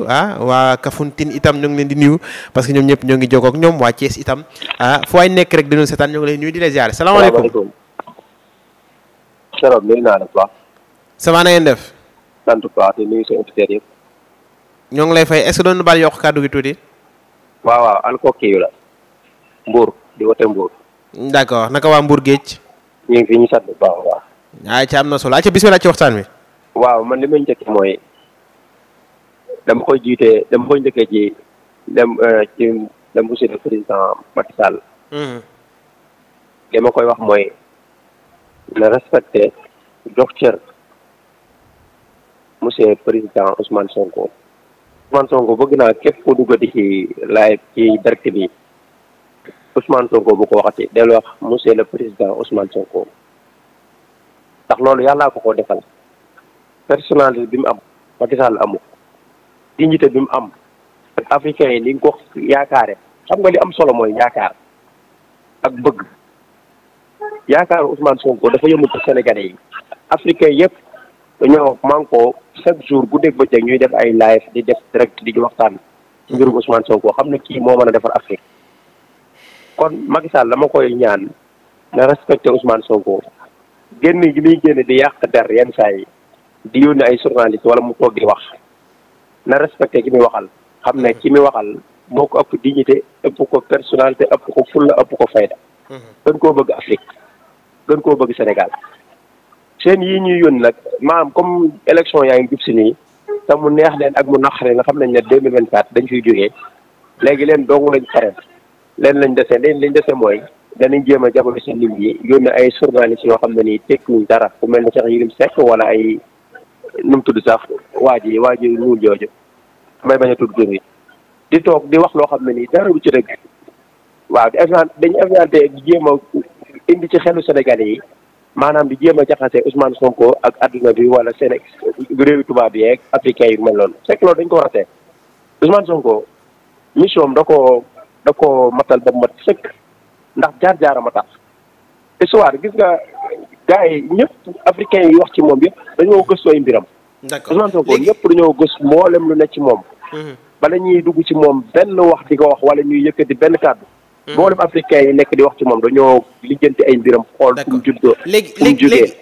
nuyu ah waa Kafountine itam ñoo ngi leen di nuyu parce que ñoom ñëpp ñoo ngi jokkoo ak ñoom waa Thiès itam ah fu waay nekk rek dañoo seetaan ñoo ngi leen nuyu di la ziare salaamaaleykum. salaamaaleykum. nuyu naa la ñoo ngi lay fay est ce que doon na baal yokk kàddu gi tuuti. waaw waaw alko kii la. Mbour di wote Mbour. d' naka waa Mbour Géej. ñu fi ñu sant bu baax waaw. na solo ayca bisimilah ci man li ma njëkk mooy. dama koy jiitee dama koy njëkkee ci dem euh, ci dem monsieur le président Macky Sall mm-hmm. ma koy wax mooy na respecté jox cër monsieur président Ousmane Sonko Ousmane Sonko bëgg naa képp ku duggati ci live ci direct bi Ousmane Sonko bu ko waxati del wax monsieur le président Ousmane Sonko ndax loolu yàllaa ko ko defal personnalité bi mu am Macky Sall dignité bi mu am ak yi li nga ko yaakaare xam nga li am solo mooy yaakaar ak bëgg yaakaar Ousmane Sonko dafa yëmul ci Sénégalais yi africain yëpp dañoo manko chaque jour bu ba bëccëg ñuy def ay live di def direct di waxtaan ci mbirum Ousmane Sonko xam ne kii moo mën a defar Afrique kon Macky Sall la ma koy ñaan na respecté Ousmane Sonko génn gi muy génn di yàq der yenn saa yi di yónni ay journaliste wala mu toog di wax na respecté ki mu waxal xam ne ki muy waxal moo ko ëpp dignité ëpp ko personnalité ëpp ko fulla ëpp ko fayda mm-hmm. gën koo bëgg Afrique gën koo bëgg Sénégal seen yi ñuy yoon nag maanaam comme élection yaa ngi jub si nii te mu neex leen ak mu naqaree nga xam nañ ne deux mille vingt quatre fiy jógee léegi leen doogu lañ pare leen lañ dese leen lañ dese mooy danañ jéem a jàppale seen nit yi yónni ay journalistes yoo xam ne nii tekkiwuñ dara ku mel ne Cheikh Yérim Seck wala ay nu mu tudd sax waa ji waaj ji ñuul jooju may bañ a tudd tur di toog di wax loo xam ne nii dara bu ci rek waaw di invent dañu inventé di jéem indi ci xelu Sénégalais yi maanaam di jéem a jaxase Ousmane Sonko ak adduna bi wala Sénégal réewi tubaab yi ak africain yu mel noonu fekk loolu dañ ko waxtee Ousmane Sonko mission da koo da koo matal ba mat sëkk ndax jaar-jaarama tax histoire gis nga. gars yi ñëpp africain yi wax ci moom yëpp dañoo gëstu ay mbiram. d'accord Ousmane Sonko ñëpp dañoo gëstu mboolem lu ne ci moom. Mhm. bala ñuy dugg ci moom benn wax di ko wax wala ñuy yëkkati benn kàddu. Mhm. mboolem africain yi nekk di wax ci moom dañoo lijjanti ay mbiram. xool fu mu juddoo fu mu jugee. léegi léegi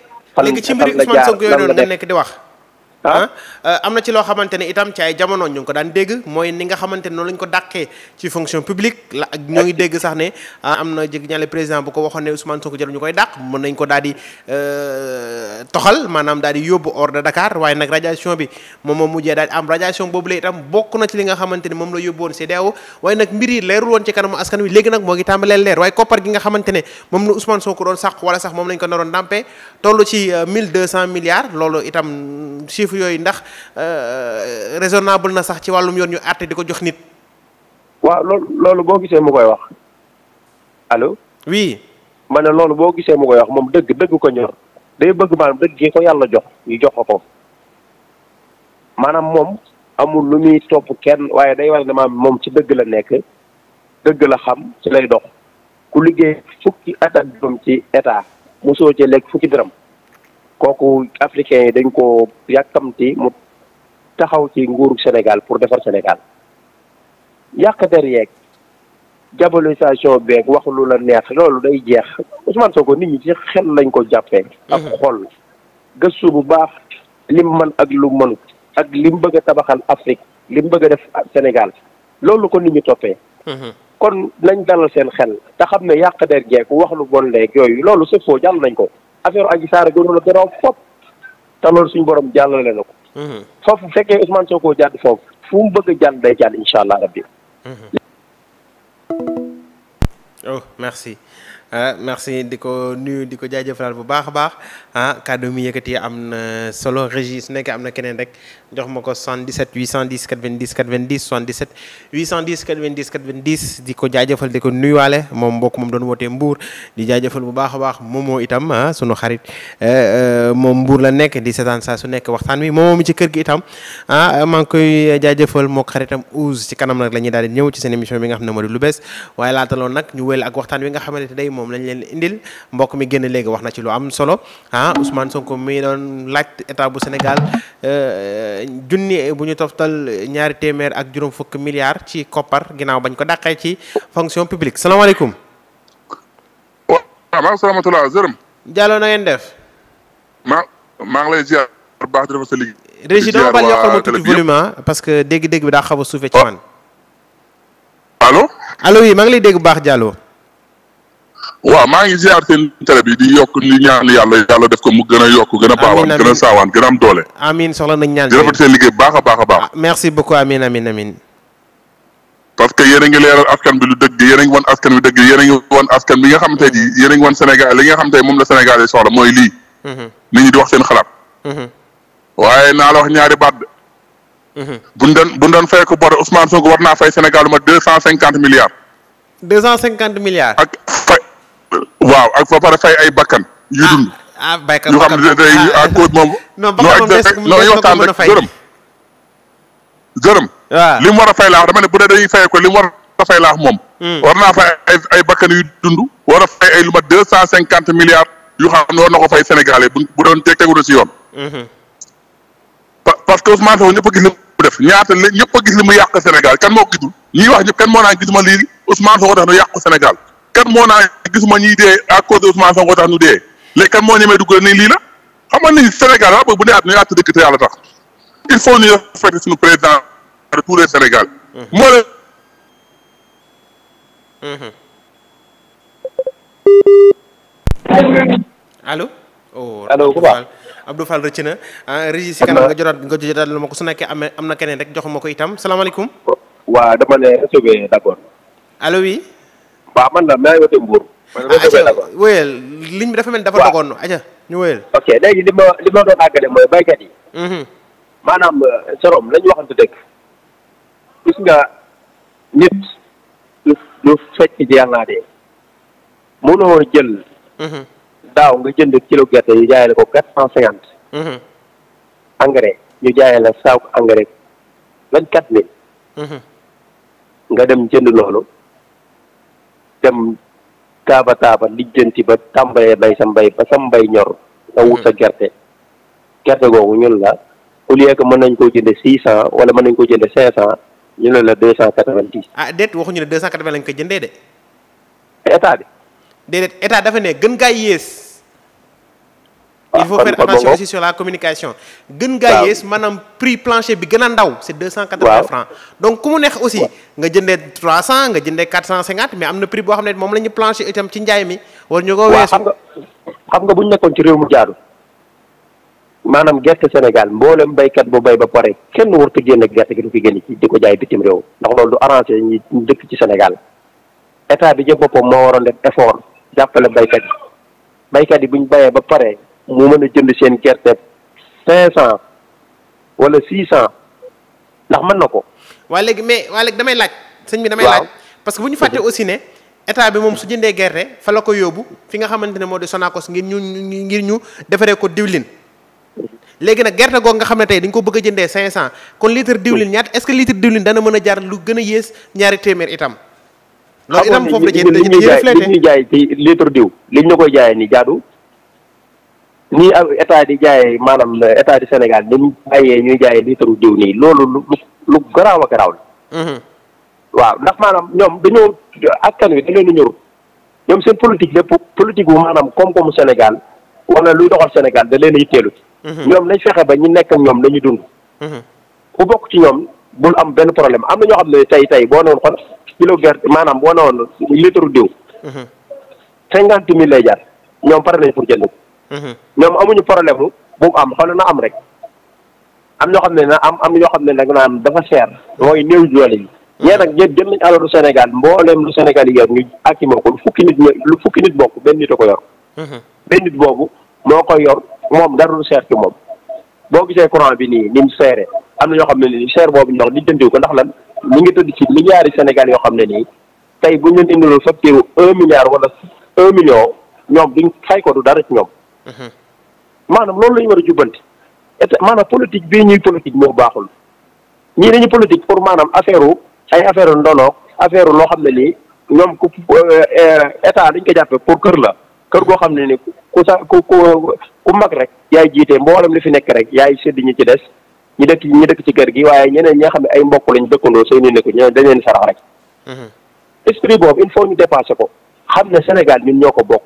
léegi ci mbiri Ousmane Sonko yooyu noonu nga nekk di wax. ah euh, euh, am na ci loo xamante ne itam ci ay jamono ñu ngi ko daan dégg mooy ni nga xamante ne noonu lañ ko dàqee ci fonction publique la ak ñoo ngi dégg sax ne ah, am na jëg ñaale président bu ko waxoon ne Ousmane Sonko jël ñu ko daal di euh, toxal maanaam daal di yóbbu hors de Dakar waaye nag bi moom moo mujjee daal di boobu la bokk na ci li nga xamante ne moom la yóbbu woon CEDEAO waaye nag mbir yi leerul woon ci kanamu askan wi léegi nag moo leer waaye koppar gi ne moom la Ousmane Sonko doon sàq wala sax moom lañ ko naroon dàmpee toll ci 1200 milliards loolu itam kilifa yooyu ndax euh, euh, raisonnable na sax ci wàllum yoon yu àtte di ko jox nit. waaw loolu loolu boo gisee mu koy wax alo wii ma ne loolu boo gisee mu koy wax moom dëgg dëgg ko ñor day bëgg maanaam dëgg gi ko yàlla jox ñu jox ko ko maanaam moom amul lu muy topp kenn waaye day war ne maam moom ci dëgg la nekk dëgg la xam ci lay dox ku liggéey fukki at ak juróom ci état mosoo ci lekk fukki daram kooku africains yi dañ koo yàkkamti mu taxaw ci nguuru Sénégal pour defar Sénégal yàq der yeeg diabolisation beeg wax lu la neex loolu day jeex Ousmane ko nit ñi ci xel lañ ko jàppee ak mhm. xol gëstu bu baax lim man ak lu mënut ak lim bëgg a tabaxal Afrique lim bëgg a def Sénégal loolu ko nit ñi toppee mhm. kon nañ dalal seen xel te xam ne yàq der jeeg wax lu bon leeg yooyu loolu c'est faux jàll nañ ko affaire Adji Sarr gënu la garaaw fop te loolu suñu borom jàllale la ko. Mhm. foofu bu fekkee Ousmane ko jàdd foofu fu mu bëgg a jàll day jàll incha allah rabbi. Mhm. oh merci. ah merci di ko nuyu di ko jaajëfalaat bu baax a baax ah kàddu mi yëkkati am na solo régie su nekkee am na keneen rek jox ma ko 77 810 90 90 77 810 90 90 di ko jaajëfal di ko nuyuwaale moom mbokk moom doon wootee Mbour di jaajëfal bu baax a baax moomoo itam ah sunu xarit eh, eh, moom Mbour la nekk di seetaan saa su nekk waxtaan wi moomoo mi ci kër gi itam ah maa ngi koy jaajëfal moo xaritam Ousse ci kanam nag la ñuy daal di bi nga xam ne moo di moom lañ leen indil mbokk mi génn léegi wax na ci lu am solo ah Ousmane Sonko mi doon laaj état bu Sénégal euh, junni buñu ñu toftal ñaari téeméer ak juróom fukk milliards ci koppar ginnaaw bañ ko dàqee ci fonction publique salaamaaleykum. waaw maa na ngeen def. maa maa ngi lay ziar baax ma tuuti ah, parce que dégg-dégg bi daa xaw a suufee ci oh. man. allo. allo oui maa ngi lay dégg bu baax Diallo. waaw maa ngi ziar seen télé bi di yokk di ñaan yàlla yàlla def ko mu gën a yokk gën a baawaan gën a saawaan gën a am doole. amiin soxla nañ ñaan di rafet seen liggéey baax a baax a baax. Ah, merci beaucoup amiin amiin parce que yéen ngi leeral askan bi lu dëgg yéen ngi wan askan bi dëgg yéen ngi wan askan bi nga xam tey jii mm-hmm. yéen a ngi wan Sénégal li nga xam tey moom la Sénégal yi soxla mooy lii. Mm-hmm. nit ñi di wax seen xalaat. Mm-hmm. waaye naa la wax ñaari baat. buñ doon buñ doon fay ko bor Ousmane Sonko war naa fay Sénégal lu ma deux cent cinquante milliards. deux cent cinquante waaw ak ba pare fay ay bakkan yu dund. Ah, ah, baykat yu xam ne day à moom. non bakkan moom des des na ko a fay dërëm. dërëm. li mu war a fay laax dama ne bu dee ko li mu war a moom. Hmm. war naa fay ay ay bakkan yu dund. war a fay ay lu deux cent cinquante milliards yu xam ne war na ko fay Sénégalais bu doon teg tegu ci yoon. Hmm. parce que Ousmane Sonko ñëpp a gis li mu def ñaata ñëpp a gis li mu yàq Sénégal kan moo gisul ñuy wax ñëpp moo naan gisuma lii Ousmane Sonko def na yàqu Sénégal. kan moo naa gisuma ñuy dee à cause de Ousmane Sonko tax ñu dee léegi moo ñemee dugg nii lii la xam nga ni Sénégal ah bu ne at nañu àtt dëkk te yàlla tax il faut ñu respecter suñu président de tous les Sénégal. Mm-hmm. moo leen. allo. allo ku baax Abdou Fall rëcc na ah, nga jotaat nga lu ma ko su nekkee am am na keneen rek jox ma ko itam salaamaaleykum. waaw dama ne recevé d' accord. allo oui. waaw man la maa ngi wote Mbour. Ah, wóyal ligne bi dafa mel dafa dogoon. waaw aja ñu wóyal. ok léegi li ma li ma doon àggale mooy baykat yi. Mhm. maanaam euh, sorom lañu waxante dëgg. gis nga nit du du fekk ci yàlla de mënoo jël. Mhm. daaw nga jënd kilo gerte ñu jaayee la ko quatre cent cinquante. Mhm. engrais ñu jaayee la saako engrais vingt quatre mille. nga dem jënd loolu. dem taaba taaba lijjanti ba tàmbalee bay sa mbay ba sa mbay ñor nga wut sa hmm. gerte gerte googu ñun la au lieu que mën nañ koo jënde six cent wala mën nañ koo jënde cinq cent ñu ne la deux cent quatre-vingt-dix ah déet waxuñu ne deux cent quatre-vingt lañ ko jëndee de état bi déedéet état dafa ne gën gaa yées il faut faire attention aussi sur la communication gën gaa yées maanaam prix plancher bi gën a ndaw c'est deux cent quatre-vingts francs donc ku mu neex aussi nga jëndee trois cent nga jëndee quatre cent cinquante mais am na prix boo xam ne moom la ñu plancher itam ci njaay mi war ñu ko weesu xam nga xam nga bu ñu nekkoon ci réew mu jaadu maanaam gerte Sénégal mboolem baykat bu bay ba pare kenn warut a génne gerte gi du fi génn ci di ko jaay bitim réew ndax loolu du arrangé ñi dëkk ci Sénégal état bi jëm boppam moo waroon def effort jàppale béykat yi béykat yi bu ñu mu mën a jënd seen gerte cinq cent wala six cent ndax man na ko. waa léegi mais waa léegi damay laaj. sëñ bi damay laaj parce que bu ñu fàtte aussi ne. état bi moom su jëndee gerte fa la ko yóbbu fi nga xamante ne moo di Sonacos ngir ñu ngir ñu defaree ko diwlin. léegi nag gerte googu nga xam ne tey dañ ko bëgg a jëndee 500 kon litre diwlin ñaata est-ce que litre diwlin dana mën a jaar lu gën a yées ñaari téeméer itam. loolu itam foofu la ñuy reflété li ñuy jaay ci litre diw li ñu la koy ni jaadu. nii am état di jaayee maanaam état du Sénégal ni mu bàyyee ñuy jaayee litre diw nii loolu lu lu garaaw a garaaw la. Mhm. waaw ndax maanaam ñoom dañoo askan wi dañoo ñëw ñoom seen politique lépp politique bu maanaam koom-koomu Sénégal wala luy doxal Sénégal da leen a yitteelu. Mhm. ñoom lañ fexe ba ñu nekk ak ñoom la dund. Mhm. ku bokk ci ñoom bul am benn problème am na ñoo xam ne tey tey boo newoon kon kilo gerte maanaam boo newoon litre diw. cinquante mille lay jar ñoom pare pour jënd. ñoom amuñu problème bu mu am xool na am rek am ñoo xam ne na am am ñoo xam ne nag naan dafa cher mooy néew doole yi ñee nag ñëpp jëm nañ alalu Sénégal mbooleem lu Sénégal yi ak ñu ko lu lu fukki nit bokk benn nit ko yor mhm. benn nit boobu moo koy yor moom dara lu seer ci moom boo gisee courant bi nii ni seere am na ñoo xam ne nii seer boobu ñu wax di jëndiw ko ndax lan mi ngi tëdd ci milliards yi Sénégal yoo xam ne nii tey bu ñu leen indiloon facture un milliard wala un million ñoom duñ fay ko du dara ci ñoom Mhm. maanaam loolu la ñu war a jubbanti état maanaam politique bii ñuy politique moo baaxul ñii dañu politique pour maanaam affaire ay affaire u affaire loo xam ne lii ñoom ku eh, eh, état dañ ko jàppe pour kër la kër goo xam ne ni ku sa ku ku ku mag rek yaay jiite mboolem li fi nekk rek yaay sédd ñi ci des ñu dëkk ñu dëkk ci kër gi waaye ñeneen ñi nga xam ne ay mbokk lañ dëkkandoo seen i nekku ñeneen dañ leen sarax rek mhm. esprit boobu il faut ñu dépasser ko xam ne Sénégal ñun ñoo ko bokk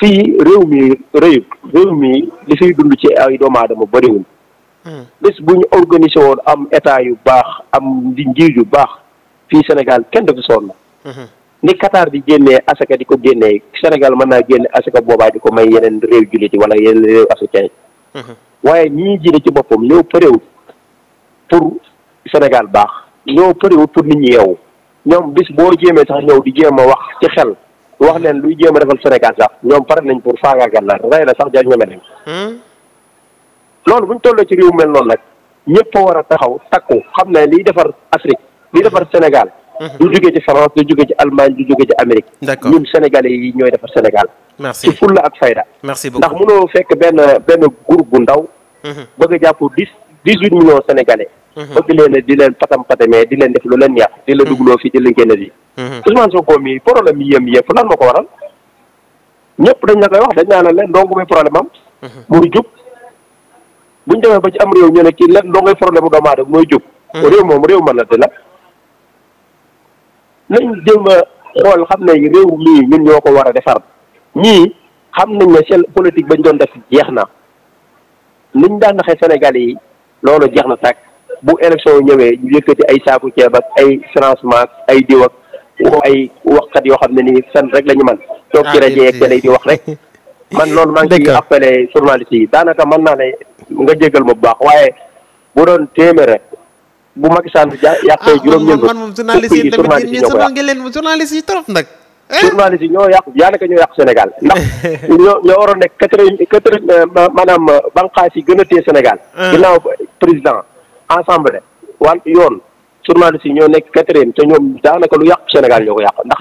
fii réew mi rëyut réew mi li fiy dund ci ay doomu aadama bëriwul hmm. bés bu ñu organisé woon am état yu baax am di njiir yu baax fii Sénégal kenn dafa sonn hmm. ni Qatar di génnee asaka di ko génne Sénégal mën naa génne asaka boobaa di ko may yeneen réew jullit yi wala yeneen réew africain hmm. waaye ñi ñuy ci boppam ñoo përéwut pour Sénégal baax ñoo përéwut pour nit ñi yeewu ñoom bis boo jéemee sax ñëw di jéem a wax ci xel wax leen luy jéem a defal Sénégal sax ñoom pare nañ pour faagaagal la rey na sax jaajëfal nañ. Hmm? loolu bu ñu ci réew mel noonu nag ñëpp a war a taxaw takku xam ne liy defar Afrique liy defar Sénégal. Hmm. du jógee ci France du jógee ci Allemagne du jóge ci Amérique. d'accord ñun sénégalais yi ñooy defar Sénégal. merci ci fulla ak fayda. merci beaucoup ndax mënoo fekk benn benn groupe bu ndaw. Hmm. bëgg a jàpp dix dix huit millions sénégalais. bëgg leen di leen patam patamee di leen def lu leen yàq. di la dugloo fii di la génne Mhm. Ousmane Sonko mii problème yi yëm yëpp lan moo ko waral ñëpp dañ na koy wax dañ naan leen ndongo mooy problème am. muy mhm. jub bu ñu demee ba ci am réew ñu ne kii lan ndongoy problème mu doomu aadama mooy jub. Mhm. réew moom réew ma la de la nañ dem a xool xam ne réew mii ñun ñoo ko war a defar ñii xam nañ ne seen bañ doon def jeex na liñ daan naxee Sénégal yi loolu jeex na tàkk bu élection yi ñëwee ñu yëkkati ay saaku ceeb ak ay financement ay diw woo ay waxkat yoo xam ne nii san rek la ñu mën toog ci ah, rajo yeeg télé di wax rek man loolu maa ngi ciy appelé journaliste yi daanaka mën naa ne nga jégal ma bu baax waaye bu doon téeméer rek bu Macky Sall ja ah, yàqee juróom-ñeent man moom journaliste yi tamit yéen sonal ngeen leen journaliste yi trop nag eh? journaliste yi ñoo yàqu yaanaka ñoo yàqu Sénégal ndax ñoo ñoo waroon nekk quatre quatre euh, maanaam euh, banqaas yi gën a téye Sénégal ah. ginnaaw président ensemble wan yoon journaliste yi ñoo nekk quatrième te daanaka lu yàq Sénégal ñoo ko yàq ndax